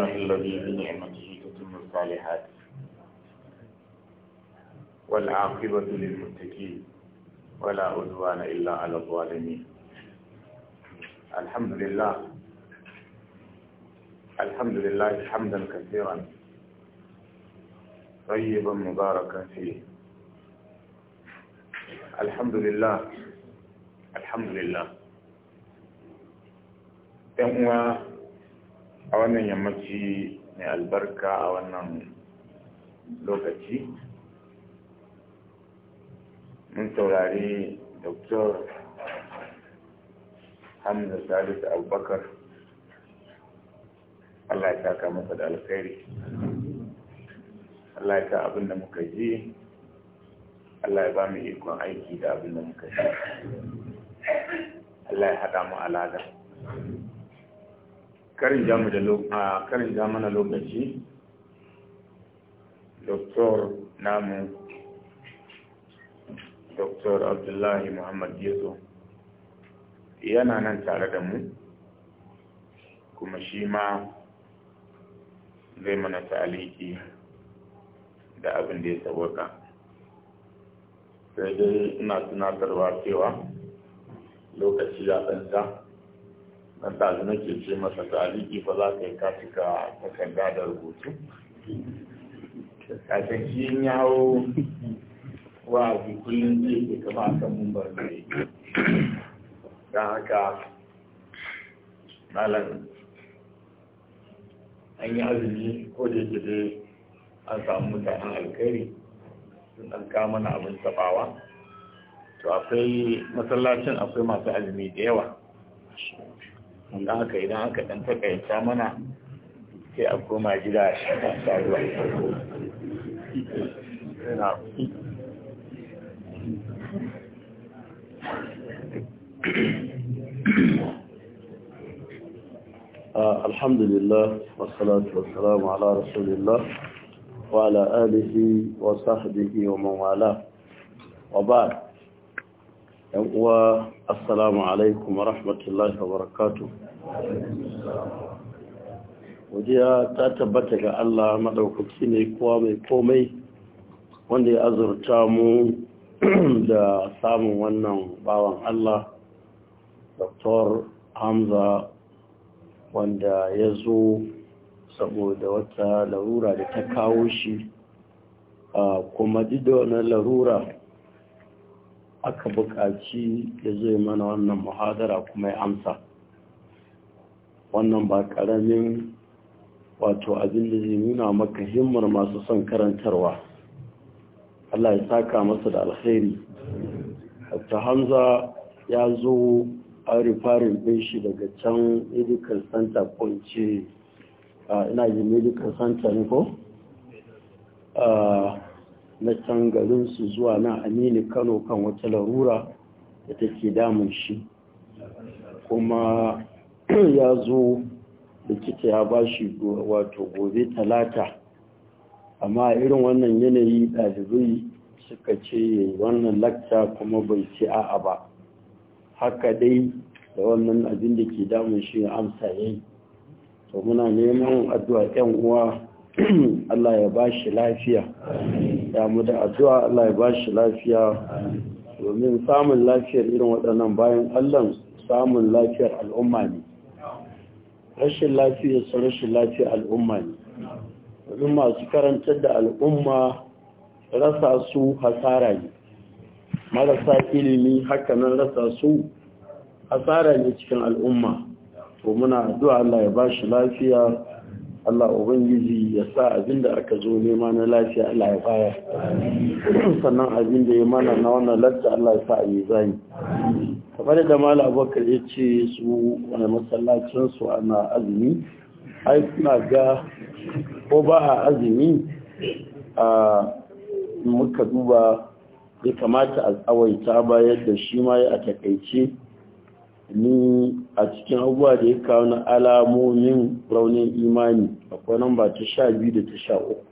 الله الذي بنعمته تتم الصالحات والعاقبة للمتقين ولا عدوان إلا على الظالمين الحمد لله الحمد لله حمدا كثيرا طيبا مباركا فيه الحمد لله الحمد لله a wannan yammaci mai albarka a wannan lokaci mun saurari dr hamza salisu abubakar allah ya ka masa da alkhairi allah ya ka abin da muka ji allah ya ba mu ikon aiki da abin da muka ji allah ya haɗa mu alaƙa karin jamu da karin mana lokaci doktor namu doktor abdullahi muhammad yeso yana nan tare da mu kuma shi ma zai mana taliki da abin da ya sabota sai dai ina tunatarwa cewa lokaci ya tsanta nan ɗazu nake ce masa taliki ba za ka yi kafika takarda da rubutu kafin shi in hau wa bi kullum zai ke kama a kan mumbar da ya don haka malam an yi azumi ko da yake dai an samu mutanen alkhairi sun ɗan kama na abin taɓawa to akwai masallacin akwai masu azumi da yawa wanda haka idan aka ɗan takaita mana sai a koma gida a shakasa الحمد لله والصلاة والسلام على رسول الله وعلى آله وصحبه ومن والاه وبعد yan uwa assalamu alaikum wa rahmatullahi wa barakatu wajiya ta tabbata ga Allah madaukaki ne kowa mai komai wanda ya azurta mu da samun wannan bawan Allah Dr. Hamza wanda ya zo saboda wata larura da ta kawo shi kuma didonar larura aka buƙaci ya zai mana wannan muhadara kuma ya amsa wannan ba ƙaramin wato abin da zai nuna maka himmar masu son karantarwa Allah ya saka masa da alheri. Dr. Hamza ya zo a rufarin shi daga can medical center ko in ce ah, ina yi medical center ne ko? Ah, na can garinsu zuwa na aminu kano kan wata larura da take damun shi kuma ya zo likita ya ba shi wato gobe talata amma irin wannan yanayi ɗalibai suka ce wannan lakta kuma bai ce a'a ba haka dai da wannan abin da ke damun shi ya amsa yayi to muna neman addu'a 'yan uwa Allah ya ba shi lafiya damu da addu'a Allah ya bashi lafiya domin samun lafiyar irin waɗannan bayan Allah samun lafiyar al'umma ne rashin lafiyar su rashin lafiyar al'umma ne domin masu karantar da al'umma rasa su hasara ne marasa ilimi hakanan rasa su hasara ne cikin al'umma to muna addu'a Allah ya bashi lafiya Allah Ubangiji ya sa abin da aka zo nema na lafiya Allah ya baya sannan abin da ya mana na wannan lafiya Allah ya sa a mizani kamar da mala Abubakar ya ce su wani masallacin su ana azumi ai suna ga ko ba a azumi a muka duba ya kamata a tsawaita ba da shi ma ya a takaice ni a cikin abubuwa da ya kawo na alamomin raunin imani akwai namba ta sha biyu da ta sha uku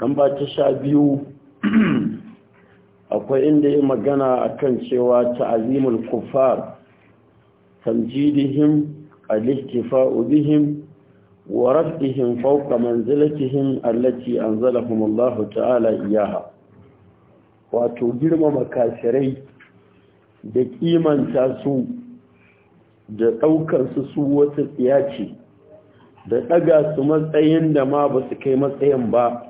namba ta sha biyu akwai inda ya magana a kan cewa ta'azimul kufar tamjidihim al-ihtifa'u bihim wa rafihim fawqa manzilatihim allati anzalahum Allah ta'ala iyaha wato girmama kafirai da kimanta su da ɗaukar su su wata tsiya ce da ɗaga su matsayin da ma ba su kai matsayin ba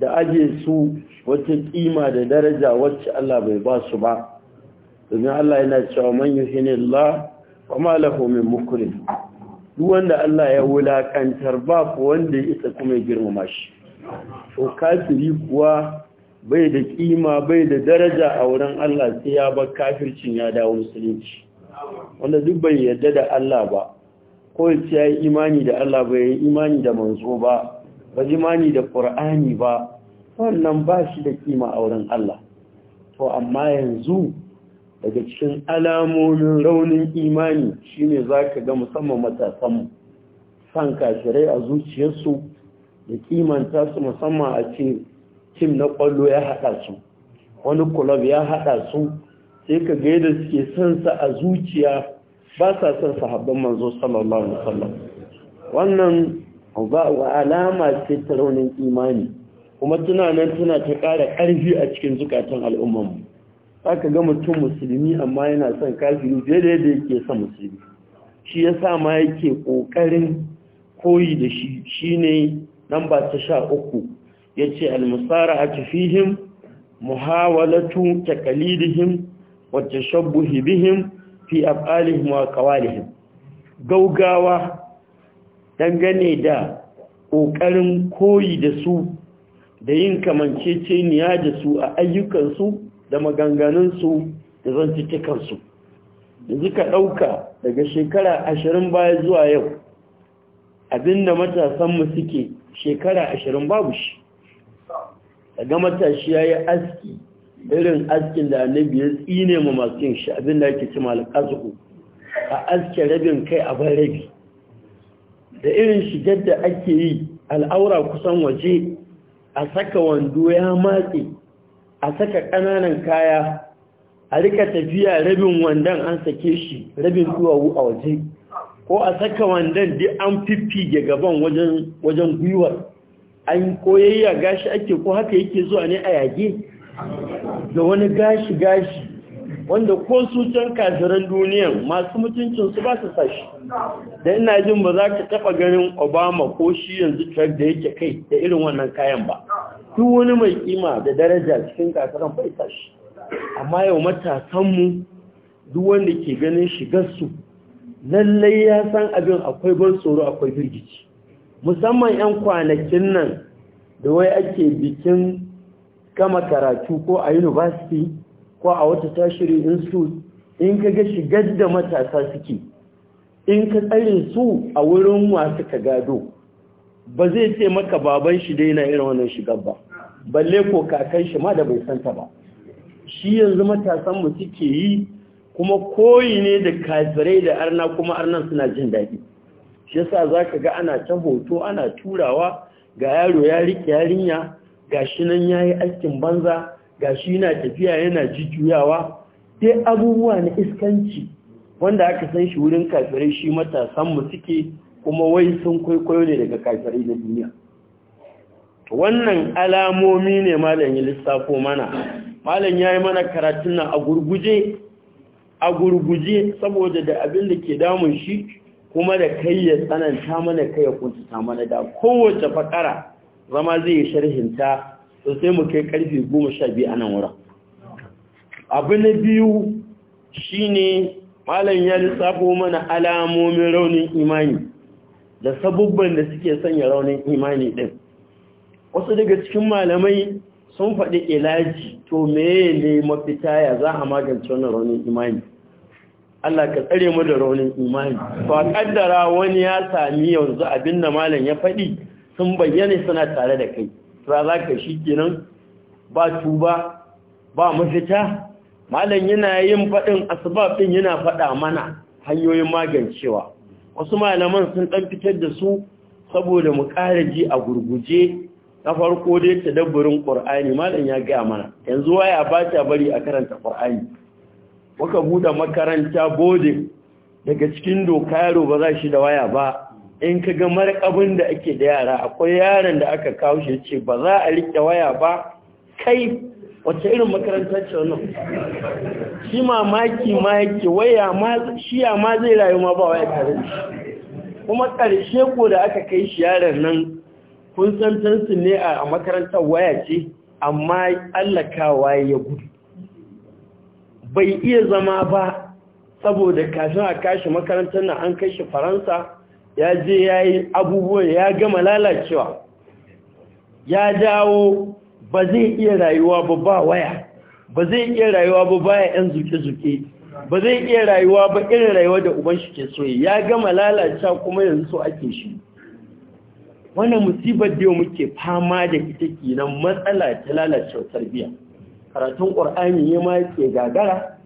da aje su wata kima da daraja wacce Allah bai ba su ba domin Allah yana cewa man yuhinillah wa ma lahu min mukrim duk wanda Allah ya wulakantar ba ku wanda ya isa kuma ya girmama shi to kafiri kuwa bai da kima bai da daraja a wurin Allah sai ya ba kafircin ya dawo musulunci wanda duk bai yarda da Allah ba ko ya yi imani da Allah bai yi imani da manzo ba ba imani da Qur'ani ba wannan ba shi da kima a wurin Allah to amma yanzu daga cikin alamomin raunin imani shine zaka ga musamman matasan san kashirai a zuciyarsu da kimanta su musamman a cikin tim na kwallo ya haɗa su wani kulob ya haɗa su sai ka ga yadda suke son sa a zuciya ba sa son sahabban manzo sallallahu alaihi wasallam wannan ba wa alama ce ta raunin imani kuma tunanin tana ta ƙara ƙarfi a cikin zukatan mu za ka ga mutum musulmi amma yana son kafiri fiye da yadda yake son musulmi shi ya sa ma yake ƙoƙarin koyi da shi shine ne nan ba ta sha uku yace al-musara'atu fihim muhawalatu taqalidihim wa tashabbuhi bihim fi af'alihim wa qawalihim gaugawa dangane da ƙoƙarin koyi da su da yin kamanceceniya da su a ayyukansu da maganganunsu da kansu yanzu ka ɗauka daga shekara ashirin baya zuwa yau abinda matasanmu suke shekara ashirin babu shi daga matashi ya yi aski irin askin da annabi ya tsine ma masu yin shi abin da ake cima alƙazuku a aske rabin kai a bar rabi da irin shigar da ake yi al'aura kusan waje a saka wando ya matse a saka ƙananan kaya a rika tafiya rabin wandon an sake shi rabin duwawu a waje ko a saka wandon duk an fiffige gaban wajen gwiwar an koyayya gashi ake ko haka yake zuwa ne a yage da wani gashi-gashi wanda ko su can kafiran duniya masu mutuncinsu ba su sashi da ina jin ba za ka taɓa ganin obama ko shi yanzu trump da yake kai da irin wannan kayan ba duk wani mai kima da daraja cikin kafiran bai sashi amma yau matasanmu duk wanda ke ganin shigarsu lallai ya san abin akwai ban tsoro akwai birgici musamman 'yan kwanakin nan da wai ake bikin kama karatu ko a university ko a wata tashiri institute in ka ga shigar da matasa suke in ka tsare su a wurin wasu ka gado ba zai ce maka baban shi dai na irin wannan shigar ba balle ko kakan shi ma da bai santa ba shi yanzu matasan mu suke yi kuma koyi ne da kasirai da arna kuma arnan suna jin daɗi shi yasa ka ga ana ta hoto ana turawa ga yaro ya rike yarinya gashi nan yayi aikin banza gashi yana tafiya yana jijjuyawa dai abubuwa na iskanci wanda aka san shi wurin kafirai shi matasan mu suke kuma wai sun kwaikwayo ne daga kafirai na duniya wannan alamomi ne malam ya lissafo mana malam ya yi mana karatun nan a gurguje a gurguje saboda da abin da ke damun shi kuma da kai ya tsananta mana kai ya kuntuta mana da kowace fakara zama zai yi sharhinta to sai mu kai karfe goma sha biyu a nan wurin abu na biyu shine malam ya lissafo mana alamomin raunin imani da sabubban da suke sanya raunin imani din wasu daga cikin malamai sun faɗi ilaji to meye ne mafita ya za a magance wannan raunin imani Allah ka tsare mu da raunin imani ba kaddara wani ya sami yanzu abin da malam ya faɗi sun bayyana suna tare da kai ra za ka shi kenan ba tuba ba mafita malam yana yin faɗin din yana faɗa mana hanyoyin magancewa wasu malaman sun ɗan fitar da su saboda mu ƙara ji a gurguje na farko dai tadabburin ƙur'ani malam ya gaya mana yanzu waya ba ta bari a karanta ƙur'ani muka buɗe makaranta bodin daga cikin doka yaro ba za shi da waya ba in ka ga markabin da ake da yara akwai yaran da aka kawo shi ce ba za a riƙe waya ba kai wace irin makaranta ce wannan shi mamaki ma yake waya ma shi ya ma zai rayu ma ba waya tare da shi kuma ƙarshe ko da aka kai shi yaron nan kun san tansu ne a makarantar waya ce amma allakawa ya gudu bai iya zama ba saboda kafin a kashi makarantar na an kai shi faransa ya je ya yi abubuwan ya gama lalacewa ya dawo ba zai iya rayuwa ba ba waya ba zai iya rayuwa ba ba ya yan zuke-zuke ba zai iya rayuwa ba irin rayuwa da uban shi ke so ya gama lalacewa kuma yanzu so ake shi wannan musibar da yau muke fama da ita nan, matsala ta lalacewa tarbiyya karatun ƙur'ani ya ma yake gagara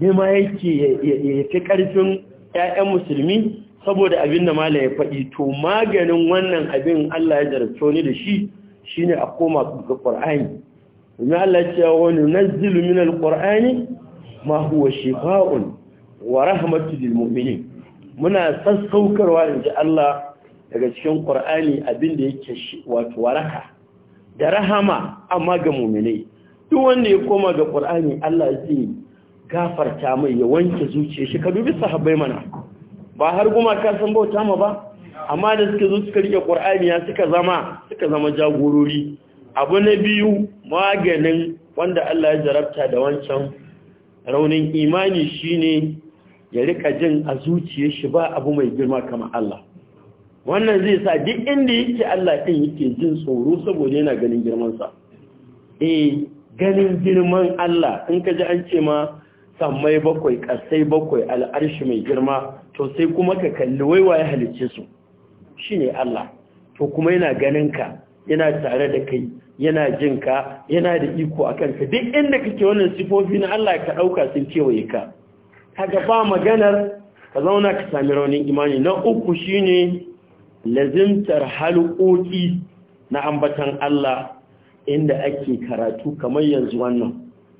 ya ma yake ya fi ƙarfin 'ya'yan musulmi saboda abin da mala ya faɗi to maganin wannan abin Allah ya jarabto ni da shi shi ne a koma ga ƙur'ani domin Allah ce wani nazilu min al-ƙwar'ani ma huwa shifaa'un wa rahmatu lil mu'minin muna sassaukarwa inji Allah daga cikin ƙur'ani abin da yake wato waraka da rahama amma ga mu'minai duk wanda ya koma ga ƙur'ani Allah zai gafarta mai ya wanke zuciya shi ka dubi sahabbai mana ba har gumaka san bauta ma ba amma da suka zo suka rike ƙwar'ani ya suka zama suka zama jagorori abu na biyu maganin wanda Allah ya jarabta da wancan raunin imani shine ya rika jin a zuciya shi ba abu mai girma kamar Allah wannan zai sa duk inda yake Allah din yake jin tsoro saboda yana ganin girmansa eh ganin girman Allah in ka ji an ce ma sammai bakwai ƙasai bakwai al'arshi mai girma to sai kuma ka kalli waiwa ya halicce su shi ne Allah to kuma yana ganin ka yana tare da kai yana jin ka yana da iko a kanka duk inda kake wannan sifofi na Allah ka ɗauka sun kewaye ka kaga ba maganar ka zauna ka sami raunin imani na uku shine lazimtar halƙoƙi na ambatan Allah inda ake karatu kamar yanzu wannan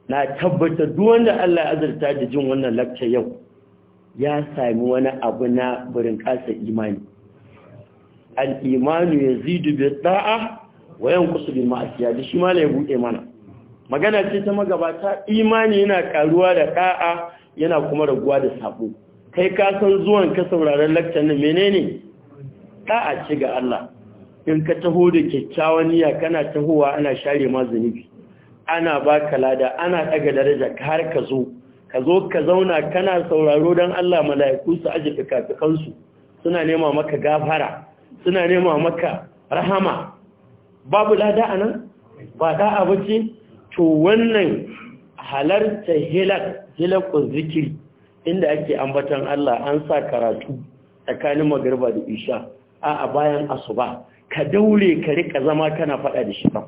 na tabbata duk wanda Allah ya azurta da jin wannan lakta yau ya sami wani abu na burin kasa imani al-imanu yazidu bi ɗa'a, wa yanqusu bi ma'asiya da shi ma ya buɗe mana magana ce ta magabata imani yana karuwa da ƙa'a yana kuma raguwa da sabo kai kasan san zuwan ka sauraron lakcin nan menene Ɗa'a ce ga Allah in ka taho da kyakkyawan niyya kana tahowa ana share ma zunubi ana ka lada ana daga daraja har ka zo ka zo ka zauna kana sauraro don Allah mala'iku su aji kafikansu? suna nema maka gafara suna nema maka rahama babu lada anan, ba da abuci to wannan halarta hilakun zikiri inda ake ambatan Allah an sa karatu tsakanin magarba da isha A'a a bayan asuba ka daure ka rika zama kana faɗa da shi kan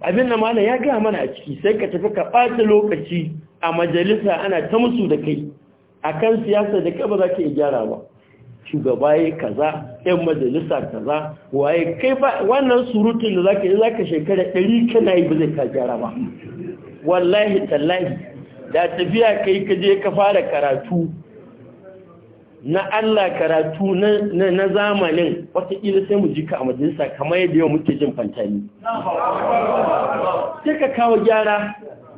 abin da mana ya gaya mana a ciki sai ka tafi ka ɓata lokaci a majalisa ana ta musu da kai a kan siyasa da kai ba za ka iya gyara ba shugaba ya kaza yan majalisa kaza waye kai ba wannan surutun da za ka yi za ka shekara ɗari kana yi ba zai ka gyara ba wallahi tallahi da tafiya kai ka je ka fara karatu na Allah karatu na zamanin wataƙila sai mu jika a majalisa kamar yadda yau muke jin fantani. Sai ka kawo gyara,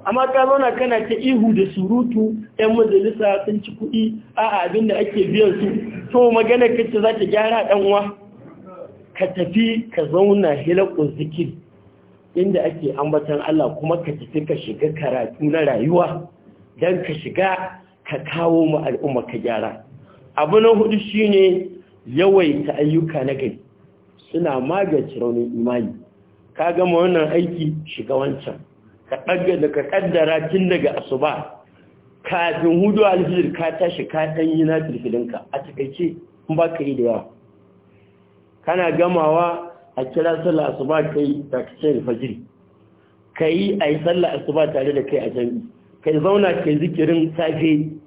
amma ka zauna kana ta ihu da surutu ‘yan majalisa sun ci kuɗi a abin da ake biyan su, to magana kacce za ta gyara ɗanwa. Ka tafi ka zauna hilakun zikir inda ake ambatan Allah kuma ka tafi ka shiga karatu na rayuwa don ka shiga ka kawo mu al'umma ka gyara. abu na hudu shi shine yawaita ayyuka na gari suna magance raunin imani ka gama wannan aiki shiga wancan ka ɗaga da ka ƙaddara tun daga asuba kafin hudu alfijir ka tashi ka ɗan yi na filfilinka a takaice in ba ka yi da yawa kana gamawa a kira sallah asuba ka yi takashin fajiri ka yi a yi sallah asuba tare da kai a jami'i ka zauna ka yi zikirin safe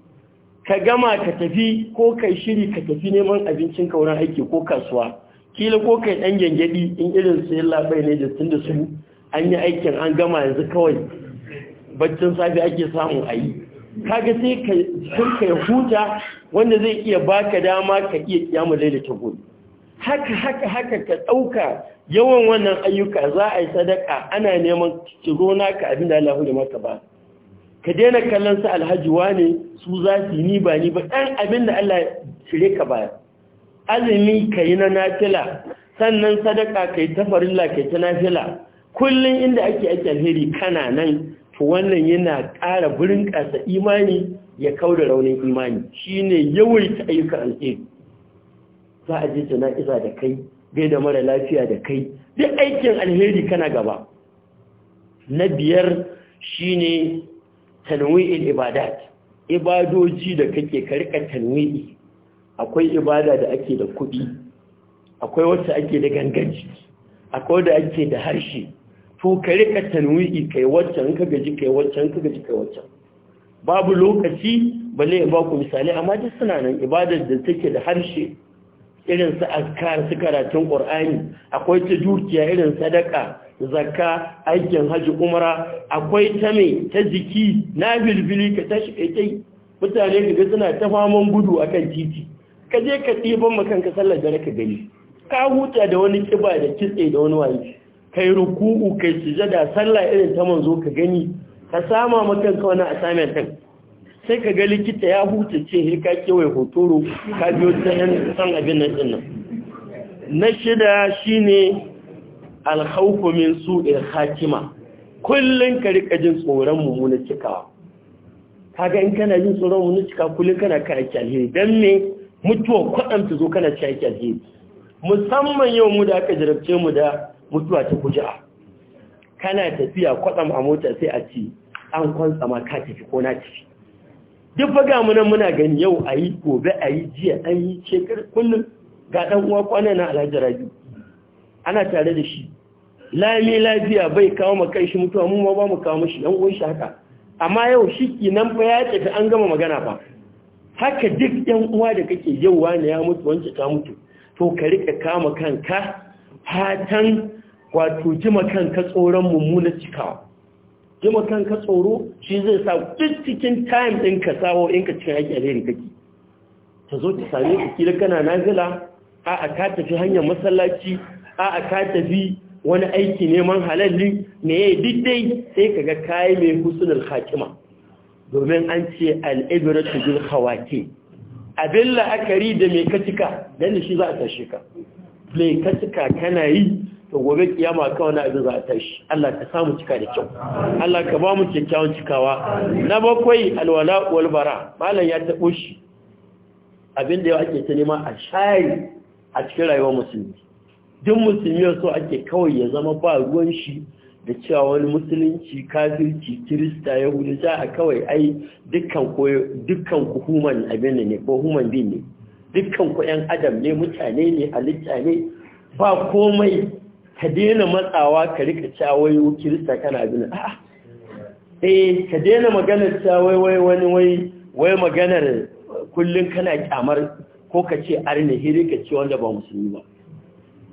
ka gama ka tafi ko kai shiri ka tafi neman abincin ka wurin aiki ko kasuwa kila ko kai dan gyangyaɗi in irin su yalla bai ne da tun da su an yi aikin an gama yanzu kawai baccin safi ake samu a yi kaga sai ka sun ka huta wanda zai iya baka dama ka iya kiyamu ta gobe haka haka haka ka ɗauka yawan wannan ayyuka za a yi sadaka ana neman ciro naka abin da Allah ya maka ba ka daina kallon su alhaji ne su za su ni ba ni ba ɗan abin da Allah shirye ka baya azumi ka yi na nafila sannan sadaka ka yi ta ka yi ta nafila kullum inda ake ake alheri kana nan to wannan yana ƙara burin ƙasa imani ya kau da raunin imani Shi shine yawaita ayyukan alheri za a je jana'iza da kai bai da mara lafiya da kai duk aikin alheri kana gaba na biyar shi ne. tanwi'in ibadat ibadoji da kake karka tanwi'i akwai ibada da ake da kuɗi akwai wacce ake da ganganci akwai da ake da harshe to ka tanwi'i kai in ka gaji kai in ka gaji kai wacce babu lokaci balle ya baku misali amma duk suna nan ibadar da take da harshe irin su azkar su karatun qur'ani akwai ta dukiya irin sadaka zakka aikin haji umara akwai ta mai ta jiki na bilbili ka tashi kai mutane ga suna ta faman gudu a kan titi ka je ka ɗiban ka sallar da ka gani ka huta da wani kiba da kitse da wani waye kai ruku'u kai sujada sallah irin ta manzo ka gani ka sama ka wani assignment kan. sai ka ga likita ya huta ce he ka kewaye hotoro ka biyo ta yan san abin nan nan na shida shine alkhawfu min su'il khatima kullun ka rika jin tsoron mummunan cikawa kaga in kana jin tsoron mummunan cikawa kullun kana kare kyalhe dan me mutuwa kwadan ta zo kana kare kyalhe musamman yau mu da aka jarabce mu da mutuwa ta kuja kana tafiya kwatsam a mota sai a ci an kwantsa ma ka tafi ko na tafi duk faga mu nan muna gani yau a yi gobe a yi jiya an yi shekar kullum ga ɗan uwa kwanan na alhaji rabiu ana tare da shi lami lafiya bai kawo ma kai shi mutuwa mu ma ba mu kawo shi. yan uwan shi haka amma yau shi kinan fa ya tafi an gama magana fa haka duk yan uwa da kake yau wani ya mutu wance ta mutu to ka rika kama kanka fatan wato jima kanka tsoron mummuna cikawa jima kanka tsoro shi zai sa duk cikin time ka sawo ka cikin aiki alheri kake ta zo ta same ka kila kana nazila a a ka tafi hanyar masallaci a ka tafi wani aiki neman halalli ne ya yi dai sai ka ga kayi mai husunar Hakima. domin an ce al'ibiratu jin khawati abin la'akari da mai katika dan shi za a tashi ka mai katika kana yi ta gobe kiyama ka wani abin za a tashi Allah ka samu cika da kyau Allah ka ba mu kyakkyawan cikawa na bakwai alwala wal bara malam ya taɓo shi abin da yau ake ta nema a shayi a cikin rayuwar musulmi duk musulmi so ake kawai ya zama ba ruwan shi da cewa wani musulunci kafirci kirista ya yahudu za a kawai ai dukkan kuhuman dukkan ku human abin ne ko human being ne dukkan ku yan adam ne mutane ne halitta ne ba komai ka daina matsawa ka rika cewa kirista kana abin a'a e ka daina maganar cewa wai wani wai wai maganar kullun kana kyamar ko ka ce arne hiri ka ce wanda ba musulmi ba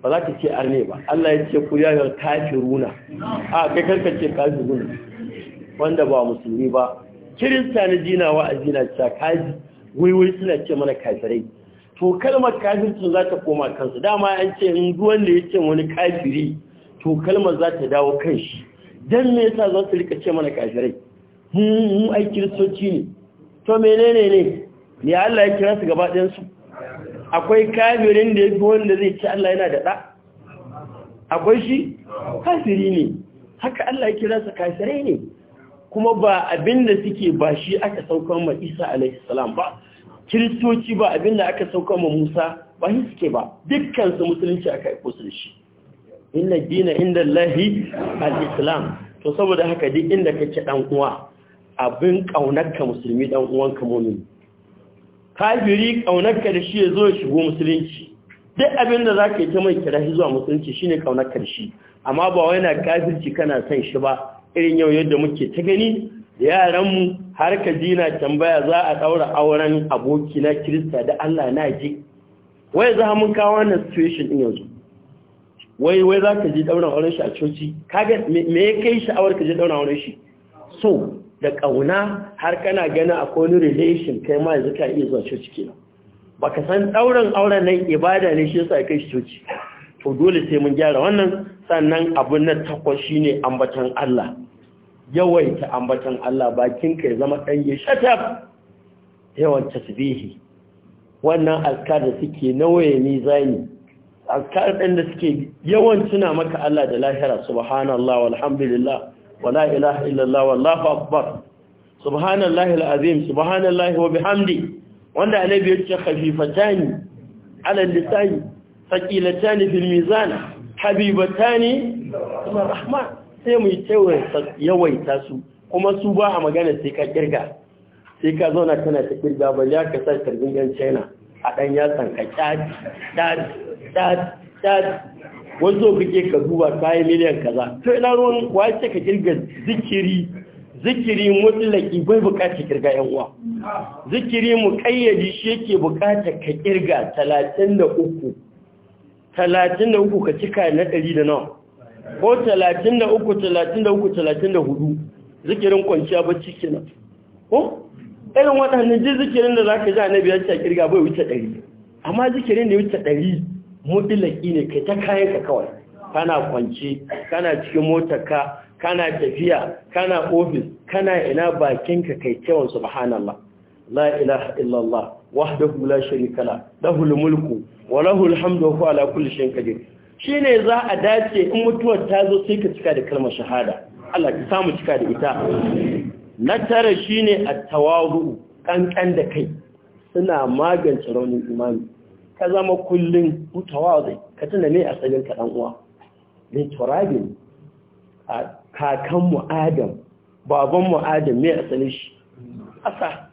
ba za ka ce arne ba Allah ya ce ku yayar kafiruna a kai karkace kafiruna wanda ba musulmi ba kirista na jina a jina cewa kaji waiwai suna ce mana kafirai to kalmar kafircin za ta koma kansu dama an ce in da ya ce wani kafiri to kalmar za ta dawo kanshi Don me yasa za su rika ce mana kafirai Mun ai kiristoci ne to menene ne ne Allah ya kira su gaba ɗansu akwai kafirin da ya fi wanda zai ci Allah yana da akwai shi kafiri ne haka Allah ya kira su kafirai ne kuma ba abin da suke ba shi aka saukan ma isa alaihissalam ba kiristoci ba abin aka sauka ma musa ba shi suke ba dukkansu musulunci aka yi da shi inna dina inda lahi al-islam to saboda haka duk inda kake dan uwa abin ka musulmi dan uwanka mumini kafiri kaunarka da shi ya zo ya shigo musulunci duk abin da za ka yi ta mai kirashi zuwa musulunci shine kaunarka da shi amma ba wai na kafirci kana son shi ba irin yau yadda muke ta gani da yaranmu har ka ji tambaya za a ɗaura auren aboki na kirista da Allah na ji wai za mu kawo wannan situation ɗin yanzu wai wai za ka ji ɗaura auren shi a coci kaga me ya kai sha'awar ka je ɗaura auren shi so da ƙauna har kana gani a kone relation kai ma yanzu ka iya zuwa coci kenan ba ka san ɗaurin auren nan ibada ne shi yasa kai shi coci to dole sai mun gyara wannan sannan abin na takwas shine ambatan Allah yawaita ambatan Allah bakin kai zama ɗan ya shatab yawan tasbihi wannan alkar da suke nawaye ni zani alkar ɗin da suke yawan tuna maka Allah da lahira subhanallah walhamdulillah ولا إله إلا الله والله أكبر سبحان الله العظيم سبحان الله وبحمده وانا عليه بيوتك خفيفتان على اللسان ثقيلتان في الميزان حبيبتان إلى الرحمة سيما يتوي yawaita su kuma su ba سيكا magana سيكا زونا kirga sai ka zauna tana ta kirga ba ya ka تاد karbin wanzo kake ka duba kayan miliyan kaza to ina ruwan wace ka kirga zikiri zikiri mutlaki bai bukata kirga yan uwa zikiri mu kayyadi shi yake bukata ka kirga 33 33 ka cika na 100 da nawa ko 33 33 34 zikirin kwanciya bacci kenan ko irin waɗannan duk zikirin da zaka ji annabi ya ce kirga bai wuce 100 amma zikirin da ya wuce 100 mutilaki ne kai ta kayan ka kawai kana kwanci kana cikin motarka kana tafiya kana ofis kana ina bakinka kai cewa subhanallah la ilaha illallah wahdahu la sharika la lahul mulku wa lahul hamdu wa ala kulli shay'in qadir shine za a dace in mutuwar ta zo sai ka cika da kalmar shahada Allah ya samu cika da ita na tara shine at tawadu kankan da kai suna magance raunin imani ka zama kullum zai ka tuna ne tsarin ka ɗan’uwa uwa ne turabin a kakan mu adam baban mu adam ne shi asa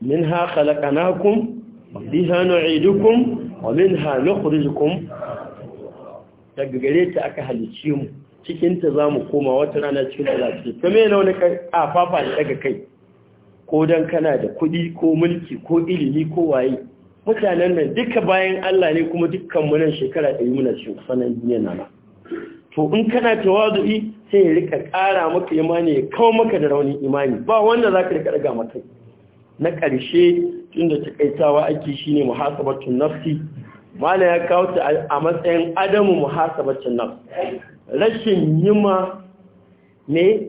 minha khalaqnakum biha nu'idukum wa min minha nukhrijukum daga gare ta aka halice mu Cikinta ta mu koma wata rana cikin da zaci kame na wani da daga kai ko dan kana da kuɗi ko mulki ko ilimi ko waye mutanen nan duka bayan Allah ne kuma dukkan mu nan shekara yi muna cikin sanan duniya na to in kana tawazu'i sai ya rika ƙara maka imani ya kawo maka da raunin imani ba wanda za ka rika daga maka na ƙarshe tunda takaitawa ake shine muhasabatun nafsi mala ya kawo ta a matsayin adamu muhasabatun nafsi rashin yima ne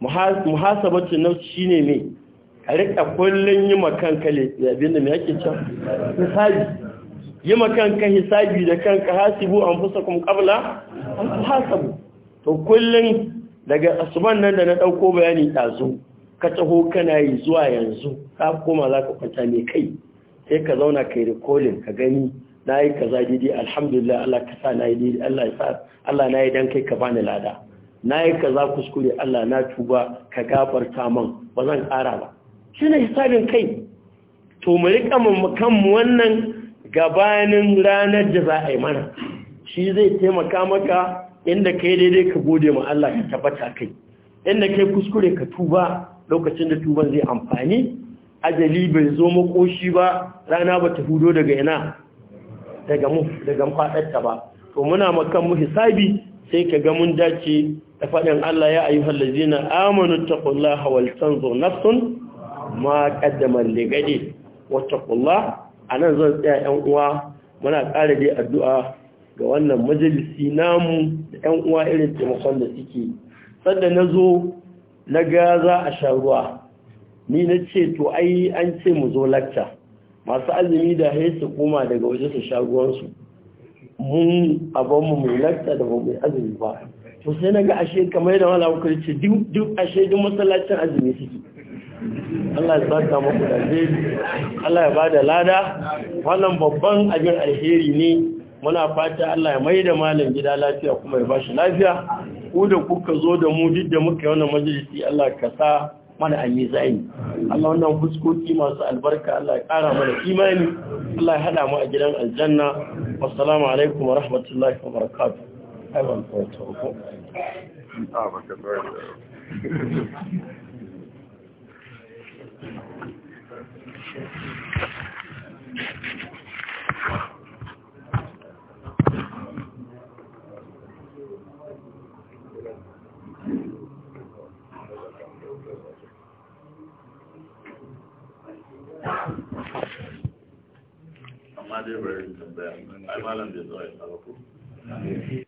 muhasabatun nafsi shine me a riƙa kullum yi makanka abin da mai yake cewa hisabi yi makanka hisabi da kanka hasibu kuma ƙabla an hasabu to kullum daga asuban nan da na ɗauko bayani ɗazu, ka taho kana yi zuwa yanzu ka koma za ka kwanta mai kai sai ka zauna kai rikolin, ka gani na yi kaza daidai alhamdulillah Allah ka sa na yi daidai Allah ya sa Allah na yi dan kai ka bani lada na yi kaza kuskure Allah na tuba ka gafarta man ba zan ƙara ba shi hisabin kai to mu riƙa kanmu wannan gabanin ranar da za a yi mana shi zai taimaka maka inda kai daidai ka gode ma Allah ka tabbata kai inda kai kuskure ka tuba lokacin da tuban zai amfani ajali bai zo makoshi ba rana ba ta hudo daga ina daga mu daga fadarta ba to muna makan mu hisabi sai ka ga mun dace da faɗin Allah ya ayyuhallazina amanu taqullaha wal tanzur nafsun ma kaddama kula a nan zan tsaya yan uwa muna ƙara dai addu'a ga wannan majalisi namu da ɗan uwa irin taimakon da suke sanda na zo na ga za a sha ruwa ni na ce to ai an ce mu zo lakta masu azumi da hai su koma daga waje su sha su mun abanmu mai lakta da ba mai azumi ba to sai na ga ashe kamar yadda wala kuka duk ashe duk masallacin azumi suke Allah ya saka muku da Allah ya bada lada wannan babban abin alheri ne muna fata Allah ya da malam gida lafiya kuma ya bashi lafiya ku da kuka zo da mu duk da muka yi wannan majalisi Allah ka sa mana a mizani Allah wannan fuskoki masu albarka Allah ya kara mana imani Allah ya haɗa mu a gidan aljanna assalamu alaikum wa rahmatullahi wa barakatuh amma dai bari tambaya ai malam bai ya ko